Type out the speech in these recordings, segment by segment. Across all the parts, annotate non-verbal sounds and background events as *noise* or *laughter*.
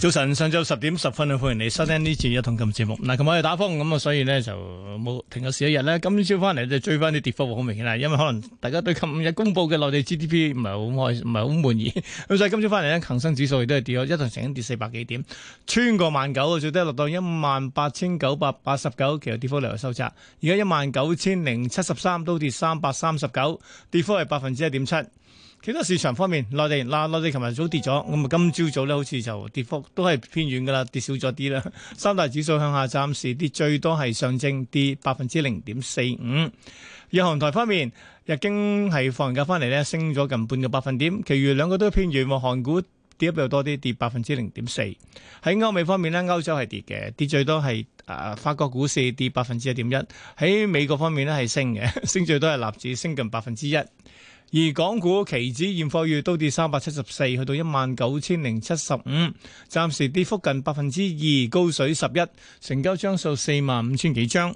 早晨，上晝十點十分啊，歡迎你收聽呢次一桶金節目。嗱，琴晚又打風咁啊，所以咧就冇停咗市一日咧。今朝翻嚟就追翻啲跌幅好明顯啦，因為可能大家對近五日公佈嘅內地 GDP 唔係好開，唔係好滿意。咁所以今朝翻嚟咧，恆生指數亦都係跌咗，一度成日跌四百幾點，穿過萬九啊，最低落到一萬八千九百八十九，其實跌幅略略收窄。而家一萬九千零七十三都跌三百三十九，跌幅係百分之一點七。其他市場方面，內地、啦內地，琴日早跌咗，咁啊今朝早咧，好似就跌幅都係偏軟噶啦，跌少咗啲啦。三大指數向下暫時跌，最多係上證，跌百分之零點四五。日韓、嗯、台方面，日經係放完假翻嚟咧，升咗近半個百分點。其餘兩個都偏軟，韓股跌得比較多啲，跌百分之零點四。喺歐美方面咧，歐洲係跌嘅，跌最多係誒、呃、法國股市跌百分之一點一。喺美國方面咧係升嘅，升最多係納指升近百分之一。而港股期指現貨月都跌三百七十四，去到一萬九千零七十五，暫時跌幅近百分之二，高水十一，成交張數四萬五千幾張。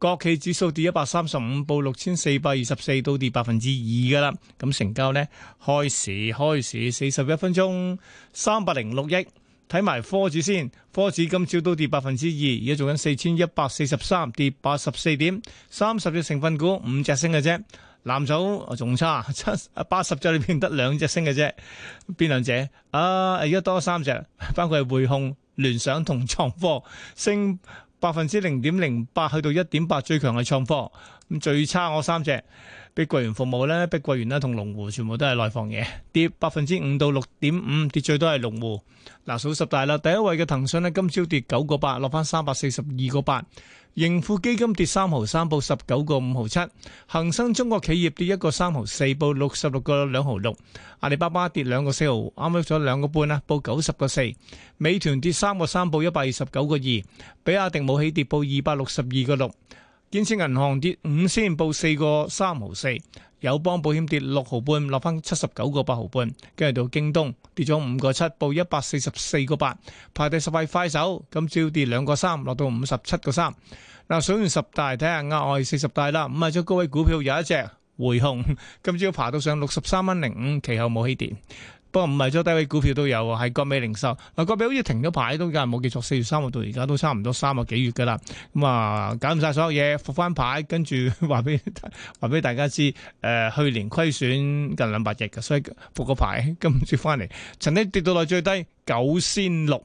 國企指數跌一百三十五，報六千四百二十四，都跌百分之二㗎喇。咁成交呢，開市開市四十一分鐘，三百零六億。睇埋科指先，科指今朝都跌百分之二，而家做緊四千一百四十三，跌八十四點，三十隻成分股，五隻升嘅啫。藍籌仲差，七八十隻裏邊得兩隻升嘅啫，邊兩隻？啊，而家多三隻，包括係匯控、聯想同創科，升百分之零點零八，去到一點八，最強係創科，咁最差我三隻。碧桂園服務呢，碧桂園呢，同龍湖全部都係內房嘢，跌百分之五到六點五，5, 跌最多係龍湖。嗱，數十大啦，第一位嘅騰訊呢，今朝跌九個八，落翻三百四十二個八。盈富基金跌三毫三，報十九個五毫七。恒生中國企業跌一個三毫四，報六十六個兩毫六。阿里巴巴跌兩個四毫，啱啱咗兩個半啦，報九十個四。美團跌三個三，報一百二十九個二。比亞迪冇起跌，報二百六十二個六。建設銀行跌五仙，報四個三毫四；友邦保險跌六毫半，落翻七十九個八毫半。跟住到京東跌咗五個七，報一百四十四個八。排第十位快手，今朝跌兩個三，落到五十七個三。嗱，數完十大，睇下額外四十大啦。咁啊，最高位股票有一隻匯控，今朝爬到上六十三蚊零五，其後冇起跌。不過唔係，最低位股票都有喎，係國美零售。嗱、啊，國美好似停咗牌都梗係，冇記錯，四月三號到而家都差唔多三個幾月噶啦。咁、嗯、啊，搞唔晒所有嘢，復翻牌，跟住話俾話俾大家知，誒、呃，去年虧損近兩百億嘅，所以復個牌，跟住翻嚟。曾經跌到落最低九仙六，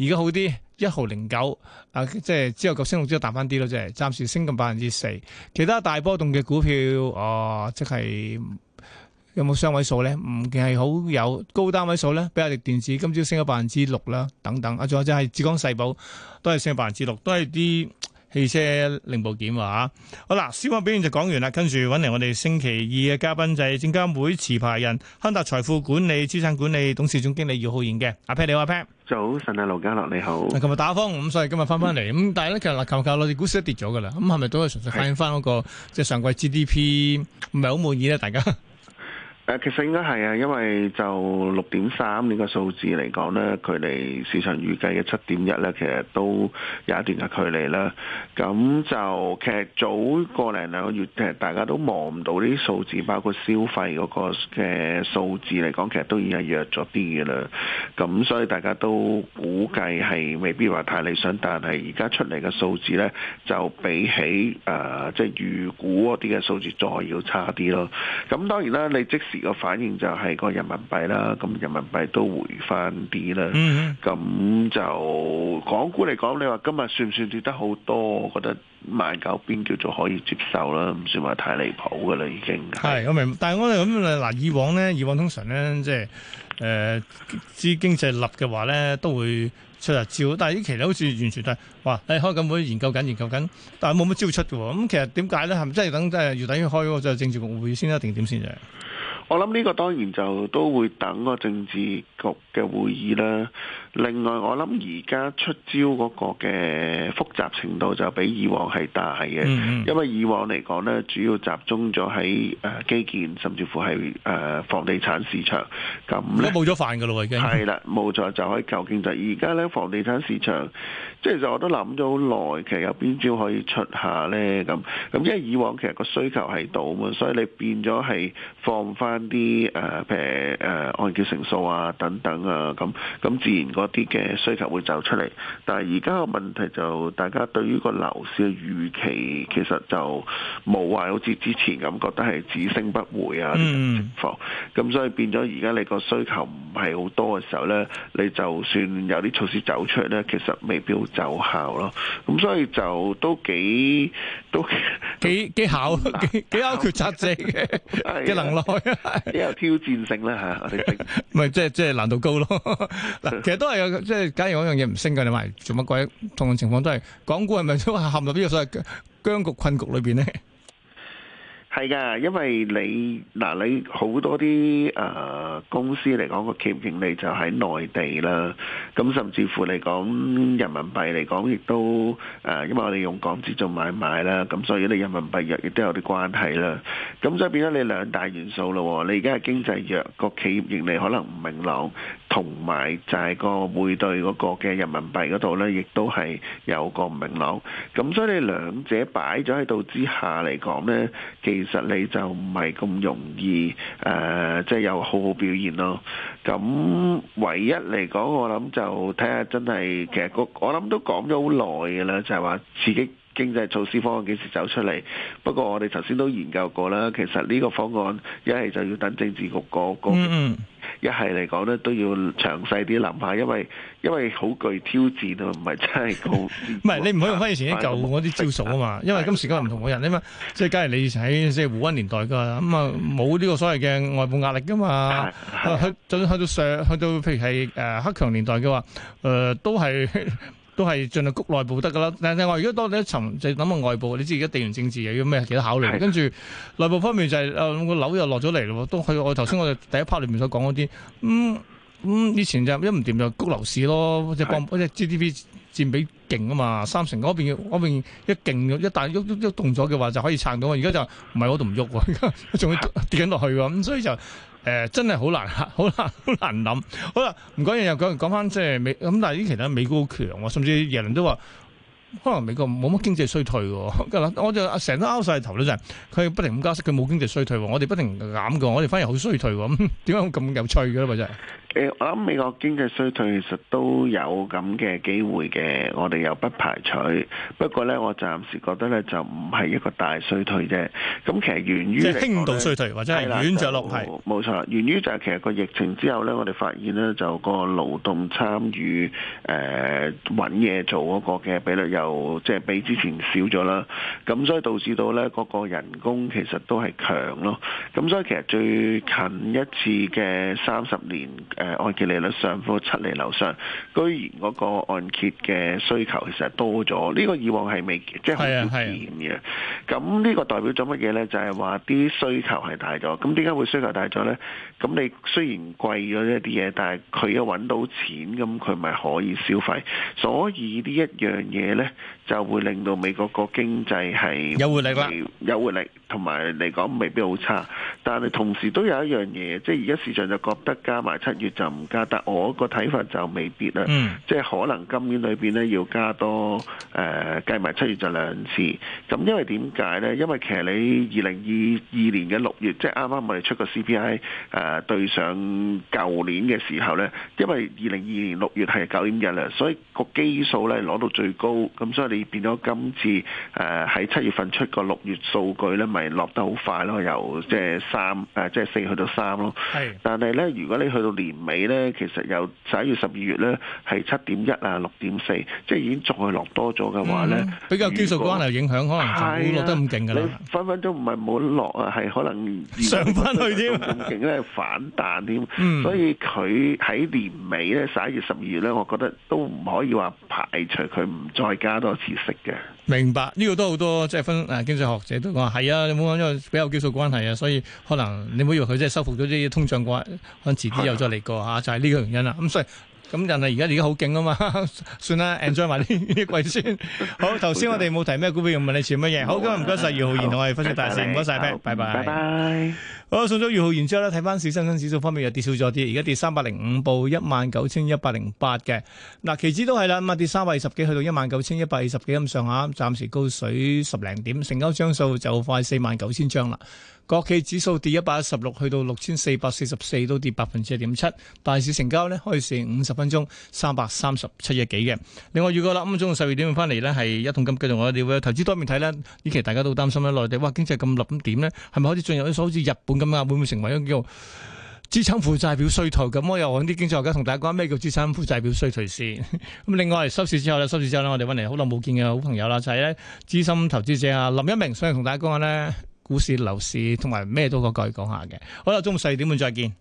而家好啲，一毫零九。啊，即、就、係、是、之後九仙六之後彈翻啲咯，即係暫時升近百分之四。其他大波動嘅股票，啊，即係。有冇雙位數咧？唔係好有高單位數咧。比亞迪電子今朝升咗百分之六啦，等等。啊，仲有就係浙江世寶都係升咗百分之六，都係啲汽車零部件，啊嚇。好啦，先話表現就講完啦。跟住揾嚟我哋星期二嘅嘉賓就係證監會持牌人亨達財富管理資產管理董事總經理姚浩然嘅阿 Pat，你好，阿 Pat。早晨啊，盧家樂你好。琴日打風，咁所以今日翻翻嚟咁。 *laughs* 但係咧，其實嗱，求唔求？攞股市跌是是都跌咗噶啦。咁係咪都係純粹反映翻、那、嗰個即係是上季 GDP 唔係好滿意咧？大家？誒，其實應該係啊，因為就六點三呢個數字嚟講呢，距離市場預計嘅七點一呢，其實都有一段嘅距離啦。咁就其實早個零兩個月，大家都望唔到呢啲數字，包括消費嗰個嘅數字嚟講，其實都已經係弱咗啲嘅啦。咁所以大家都估計係未必話太理想，但係而家出嚟嘅數字呢，就比起誒即係預估嗰啲嘅數字再要差啲咯。咁當然啦，你即使個反應就係個人民幣啦，咁人民幣都回翻啲啦，咁、嗯、就港股嚟講，你話今日算唔算跌得好多？我覺得萬九邊叫做可以接受啦，唔算話太離譜噶啦，已經係我明。但係我哋咁啊，嗱，以往咧，以往通常咧，即係誒、呃、知經濟立嘅話咧，都會出下招。但係依期咧，好似完全都係哇，誒、哎、開緊會研究緊研究緊，但係冇乜招出嘅喎。咁其實點解咧？係咪真係等即係月底開就政治局會先啊？定點先啫？我諗呢個當然就都會等個政治局嘅會議啦。另外，我諗而家出招嗰個嘅複雜程度就比以往係大嘅，mm hmm. 因為以往嚟講呢，主要集中咗喺誒基建，甚至乎係誒房地產市場。咁咧冇咗飯噶啦，已經係啦，冇錯，就可喺舊經濟。而家呢房地產市場，即係就我都諗咗好耐，其實有邊招可以出下呢？咁咁因為以往其實個需求係度嘛，所以你變咗係放翻。啲誒譬如誒按揭成數啊，等等啊，咁咁自然嗰啲嘅需求會走出嚟。但係而家個問題就，大家對於個樓市嘅預期，其實就冇話好似之前咁覺得係只升不回啊呢種情況，咁所以變咗而家你個需求唔係好多嘅時候咧，你就算有啲措施走出嚟咧，其實未必會奏效咯。咁所以就都幾都幾幾考，幾幾考抉擇性嘅嘅能耐啊！有挑戰性啦吓，唔、啊、係 *laughs* 即係即係難度高咯。嗱，其實都係有，即係假如嗰樣嘢唔升嘅，你話做乜鬼？同樣情況都係，港股係咪都係陷入呢個所謂僵局困局裏邊咧？係㗎，因為你嗱你好多啲誒、呃、公司嚟講個企業盈利就喺內地啦，咁甚至乎嚟講人民幣嚟講亦都誒、呃，因為我哋用港紙做買賣啦，咁所以你人民幣弱亦都有啲關係啦。咁所以變咗你兩大元素咯。你而家係經濟弱，個企業盈利可能唔明朗。同埋就係個匯兌嗰個嘅人民幣嗰度呢，亦都係有個唔明朗。咁所以你兩者擺咗喺度之下嚟講呢，其實你就唔係咁容易誒，即、呃、係、就是、有好好表現咯。咁唯一嚟講，我諗就睇下真係其實個我諗都講咗好耐嘅啦，就係、是、話刺激經濟措施方案幾時走出嚟。不過我哋頭先都研究過啦，其實呢個方案一係就要等政治局過關。嗰個嗯嗯一係嚟講咧，都要詳細啲諗下，因為因為好具挑戰啊，唔係真係好。唔係 *laughs* 是、嗯、你唔可以用翻以前啲舊嗰啲招數啊嘛，嗯嗯、因為今時今日唔同嘅人啊嘛，即係假如你以前喺即係胡溫年代噶，咁啊冇呢個所謂嘅外部壓力噶嘛，嗯嗯呃、去進去到上，去到，去到，去到譬如係誒、呃、克強年代嘅話，誒、呃、都係。 *laughs* 都係進入谷內部得㗎啦，但另外，如果多你一層，就諗下外部，你知而家地緣政治又要咩幾多考慮，跟住內部方面就係誒個樓又落咗嚟咯，都係我頭先我哋第一 part 裏面所講嗰啲咁。嗯咁、嗯、以前就一唔掂就谷樓市咯，即係幫即係 GDP 佔比勁啊嘛，三成嗰邊，邊一勁一旦喐喐喐動咗嘅話，就可以撐到。而家就唔係嗰度唔喐，仲要跌緊落去喎、啊。咁所以就誒、呃、真係好難，好難，好難諗。好啦，唔講嘢又講講翻即係美咁，但係啲其他美股好強喎，甚至耶倫都話，可能美國冇乜經濟衰退嘅啦。 *laughs* 我就成日拗晒頭咧，就係佢不停咁加息，佢冇經濟衰退。我哋不停減嘅，我哋反而好衰退。咁點解咁有趣嘅咧？真係？誒，我諗美國經濟衰退其實都有咁嘅機會嘅，我哋又不排除。不過呢，我暫時覺得呢就唔係一個大衰退啫。咁其實源於即係輕度衰退或者係軟著陸，係，係，冇錯。源於就係其實個疫情之後呢，我哋發現呢就個勞動參與誒搵嘢做嗰個嘅比率又即係比之前少咗啦。咁所以導致到呢嗰、嗰個人工其實都係強咯。咁所以其實最近一次嘅三十年。按揭利率上浮七厘樓上，居然嗰個按揭嘅需求其實係多咗，呢個以往係未即係好少見嘅。咁呢個代表咗乜嘢咧？就係話啲需求係大咗。咁點解會需求大咗咧？咁你雖然貴咗一啲嘢，但係佢一搵到錢，咁佢咪可以消費。所以呢一樣嘢咧，就會令到美國個經濟係有活力有活力，同埋嚟講未必好差。但係同時都有一樣嘢，即係而家市場就覺得加埋七月。就唔加得，我個睇法就未必啦。即係可能今年裏邊咧要加多誒，計埋七月就兩次。咁因為點解咧？因為其實你二零二二年嘅六月，即係啱啱我哋出個 CPI 誒對上舊年嘅時候咧，因為二零二二年六月係九點一啦，所以個基數咧攞到最高，咁所以你變咗今次誒喺七月份出個六月數據咧，咪落得好快咯，由即係三誒即係四去到三咯。係，但係咧如果你去到年尾咧，其實由十一月十二月咧係七點一啊，六點四，即係已經再落多咗嘅話咧，嗯、果比較基數關係影響可能太落得咁勁嘅，你分分鐘唔係冇落啊，係可能上翻去添，仲勁咧反彈添，嗯、所以佢喺年尾咧十一月十二月咧，我覺得都唔可以話排除佢唔再加多次息嘅。明白呢、這個都好多，即係分誒、啊、經濟學者都講係啊，你冇講因為比較基礎關係啊，所以可能你唔好以為佢即係收復咗啲通脹嘅話，可能遲啲又再嚟過嚇、啊啊，就係、是、呢個原因啦。咁、啊、所以咁但係而家而家好勁啊嘛，算啦 *laughs* ，enjoy 埋呢呢季先。好，頭先我哋冇提咩股票，問你持乜嘢？好，今日唔該晒姚浩然同我哋分析大事，唔該曬你，拜拜。好，送咗姚浩然完之後咧，睇翻市恒生指數方面又跌少咗啲，而家跌三百零五，報一萬九千一百零八嘅。嗱，期指都係啦，咁啊跌三百二十幾，去到一萬九千一百二十幾咁上下，暫時高水十零點，成交張數就快四萬九千張啦。國企指數跌一百一十六，去到六千四百四十四，都跌百分之一點七。大市成交咧，開市五十分鐘三百三十七億幾嘅。另外預告啦，啱啱中午十二點翻嚟咧，係一桶金繼續我哋會投資多面睇啦。以前大家都都擔心咧，內地哇經濟咁冧點咧，係咪可以進入一啲好似日本？咁啊，會唔會成為一個叫資產負債表衰退？咁我又揾啲經濟學家同大家講咩叫資產負債表衰退先？咁 *laughs* 另外收市之後咧，收市之後咧，我哋揾嚟好耐冇見嘅好朋友啦，就係咧資深投資者啊林一鳴，想同大家講下咧，股市、樓市同埋咩都個概講下嘅。好啦，中午四點半再見。